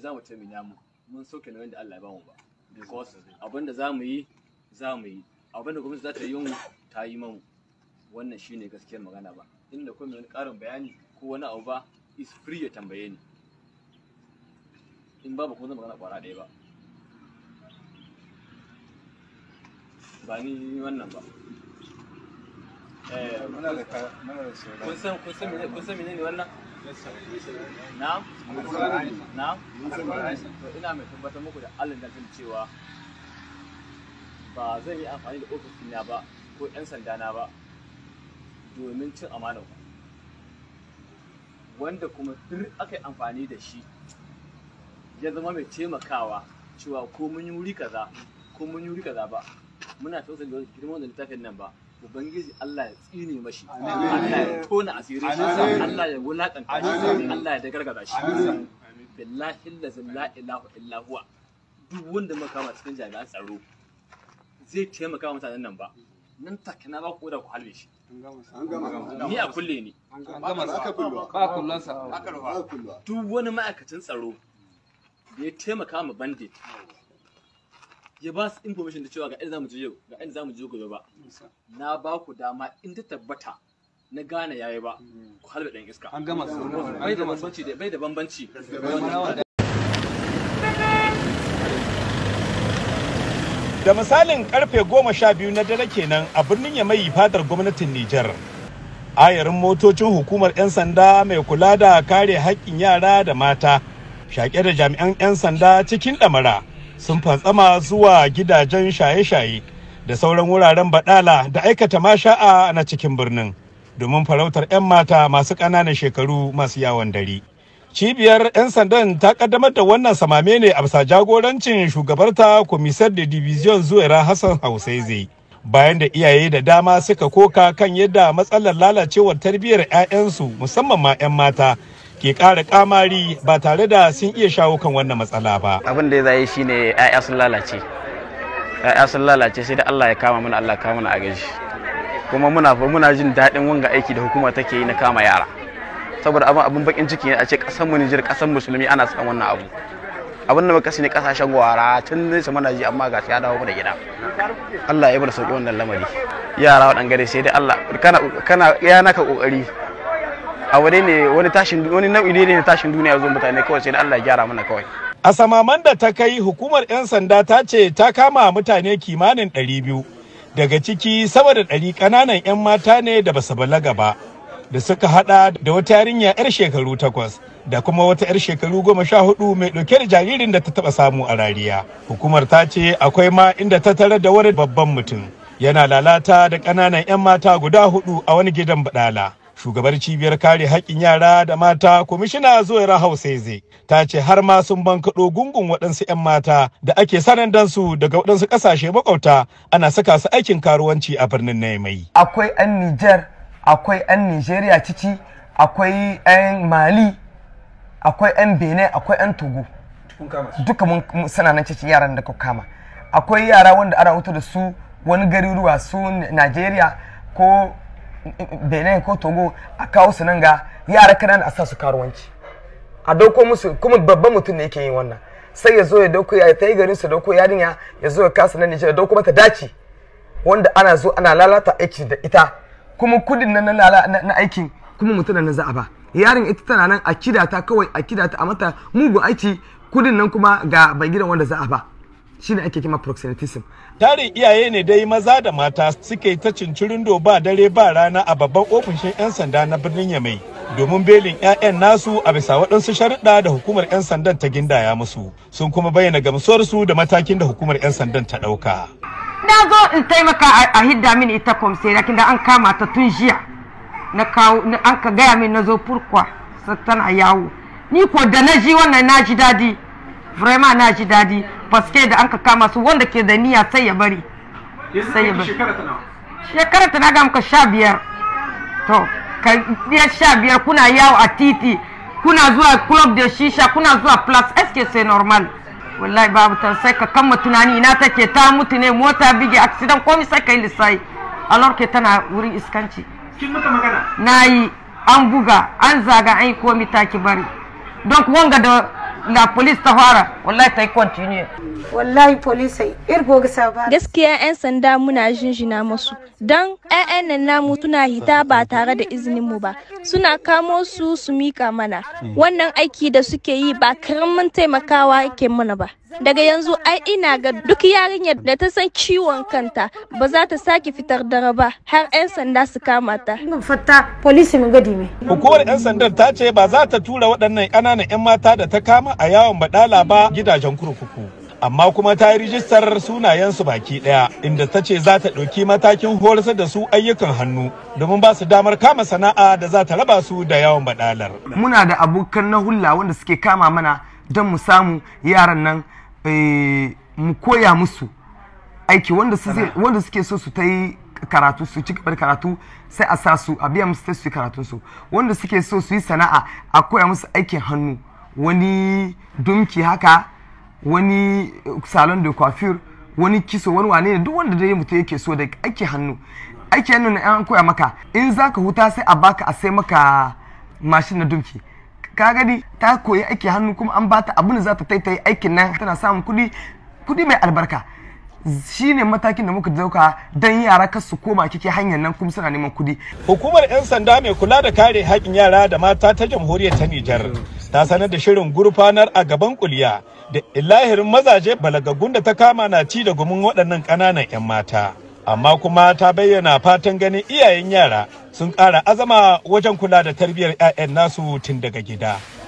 dai za mu ce mu mun soke na wanda Allah ya bamu ba because abin da za mu yi za mu yi abin da gwamnati za ta yi mu ta yi mu wannan shine gaskiyar magana ba inda kuma wani karin bayani ko wani abu ba is free ya tambaye ni in babu kuma zan magana kwara ɗaya ba ba ni wannan ba kun san menene wannan to ina mai tabbatar muku da Allah da cewa ba zan yi amfani da ofis na ba ko yan sanda na ba domin cin amana ku wanda kuma duk aka yi amfani da shi ya zama mai taimakawa cewa ko mun yi wuri kaza ko mun yi wuri kaza ba muna tausayin da girman da littafin nan ba ubangiji Allah ya tsine mashi Allah ya tona asirin shi Allah ya wulakanta shi Allah ya dagargaza shi billahi la ilaha illa huwa duk wanda muka kama cikin jami'an tsaro zai taimaka wa mutanen nan ba nan take na ba ku da ku halbe shi ni a kulle ne ba kullansa duk wani ma'aikacin tsaro da ya taimaka ma bandit ya ba su information da cewa ga inda zamu je yau ga inda zamu je gobe ba na ba ku dama in ta tabbata na gane yayi ba ku halbe dan iska an gama su bai da bambanci bai da bambanci da misalin karfe goma sha biyu na dare kenan a birnin ya mai fadar gwamnatin Nijar. ayarin motocin hukumar 'yan sanda mai kula da kare haƙƙin yara da mata shaƙe da jami'an 'yan sanda cikin ɗamara sun fantsama zuwa gidajen shaye-shaye da sauran wuraren baɗala da aikata masha'a na cikin birnin domin farautar 'yan mata masu ƙananan shekaru masu yawon dare. Cibiyar 'yan sandan ta kaddamar da wannan samame ne a bisa jagorancin shugabarta komisar da division zuwaira Hassan Hausaize. Bayan da iyaye da dama suka koka kan yadda matsalar lalacewar tarbiyyar 'ya'yansu musamman ma 'yan mata ke ƙara kamari ba tare da sun iya shawo kan wannan matsala ba abin da zai ne ya'ya sun lalace ya'ya sun lalace sai da Allah ya kama mana Allah kama mana a gaji kuma muna muna jin daɗin wanga aiki da hukuma take yi na kama yara saboda abin abin bakin ciki ne a ce ƙasar mu Nijar ƙasar musulmi ana san wannan abu abin da makasi ne kasashen gwara tun nesa mana ji amma ga ya dawo da gida Allah ya bar sauki wannan lamari yara waɗanda gare sai dai Allah kana yana ka kokari a wani ne wani tashin wani nau'i ne na tashin duniya zo mutane kawai sai Allah ya gyara mana kawai a samaman da ta kai hukumar 'yan sanda ta ce ta kama mutane kimanin 200 daga ciki sama da 100 kananan 'yan mata ne da basu balaga ba da suka hada da wata yarinya 'yar shekaru takwas da kuma wata 'yar shekaru goma sha hudu mai dauke da jaririn da ta taba samu a rariya hukumar ta ce akwai ma inda ta tare da wani babban mutum yana lalata da ƙananan 'yan mata guda hudu a wani gidan badala shugabar cibiyar kare haƙƙin yara da mata kwamishina zuwaira hausaize ta ce har ma sun bankaɗo gungun waɗansu 'yan mata da ake dan su daga waɗansu ƙasashe makwabta ana saka su aikin karuwanci a birnin naimai akwai 'yan niger akwai 'yan nigeria ciki akwai 'yan mali akwai 'yan benin akwai 'yan togo duka mun suna nan cikin yaran da ka kama akwai yara wanda ana wuta da su wani garuruwa su nigeria ko benin ko togo a kawo su nan ga yara kanana a sa su karuwanci a dauko musu kuma babban mutum ne yake yin wannan sai ya zo ya dauko ya ta yi garin su dauko yarinya ya zo ya kasa nan nijar ya dauko mata daci wanda ana zo ana lalata aiki da ita kuma kudin nan na aikin kuma mutum nan za a ba yarin ita tana nan a kidata kawai a kidata a mata mugun aiki kudin nan kuma ga bai gidan wanda za a ba shi ne ake kima proxenetism tarin iyaye ne dai maza da mata suke ta cincirindo ba dare ba rana a babban ofishin 'yan sanda na birnin yamai domin belin 'ya'yan nasu a bisa waɗansu sharuɗa da hukumar 'yan sandan ta gindaya musu sun kuma bayyana gamsuwarsu da matakin da hukumar 'yan sandan ta ɗauka. na zo in taimaka a hidda mini ita kwamsera da an kama ta tun jiya na kawo an ka gaya min na zo furkwa tana yawo ni ko da na ji wannan na ji daɗi vraiment na ji daɗi faske da an ka kama su wanda ke da niyya sai ya bari sai ya bari shekara ta na ga muka sha biyar to ka biyar sha biyar kuna yawo a titi kuna zuwa club da shisha kuna zuwa plus sk sai normal wallahi babu ta sai ka kama tunani ina take ta mutu ne mota bige accident komai sai ka yi lissayi alor ke tana wurin iskanci kin mata magana na yi an buga an zaga an yi komi taki bari don wanga da ga polis ta fara wallahi ta yi continue wallahi police irgo ga ba gaskiya yan sanda muna jinjina musu dan ƴaƴan nan namu suna hita ba tare da izinin mu ba suna kamo su su mika mana hmm. wannan aiki da suke yi ba karamin taimakawa yake mana ba daga yanzu ai ina ga duk yarinyar da ta san ciwon kanta ba za ta sake fitar dare ba har 'yan sanda su kama ta. Fatta polisi mun gadi me. Hukumar 'yan sandar ta ce ba za ta tura waɗannan ƙananan 'yan mata da ta kama a yawon baɗala ba gidajen kurkuku. Amma kuma ta yi rijistar sunayensu baki ɗaya inda ta ce za ta ɗauki matakin horsar da su ayyukan hannu domin ba su damar kama sana'a da za ta raba su da yawon baɗalar. Muna da abokan na hulla wanda suke kama mana don mu samu yaran nan Eh, mu koya musu aiki wanda suke so su ta yi karatu su ci gaba karatu sai a sa su a biya musu su yi karatunsu wanda suke so su yi sana'a a koya musu aikin hannu wani dumki haka wani eh, salon de coiffure wani kiso wani wane ne duk wanda dai mutum yake so da aikin hannu ake hannu na an koya maka in zaka huta sai a baka a sai maka mashin na dumki ka gani ta koyi aiki hannu kuma an bata abin da za ta taitaye aikin nan tana samun kuɗi kuɗi mai albarka shine matakin da muka dauka don yara kar su koma kike hanyar nan kuma suna neman kuɗi. Hukumar 'yan sanda mai kula da kare haƙƙin yara da mata ta jamhuriyar ta Nijar ta sanar da shirin gurfanar a gaban kuliya da ilahirin mazaje balagagun da ta kama na ci da gumin waɗannan ƙananan 'yan mata. amma kuma ta bayyana fatan ganin iyayen yara sun ƙara azama wajen kula da tarbiyyar 'ya'yan nasu tun daga gida.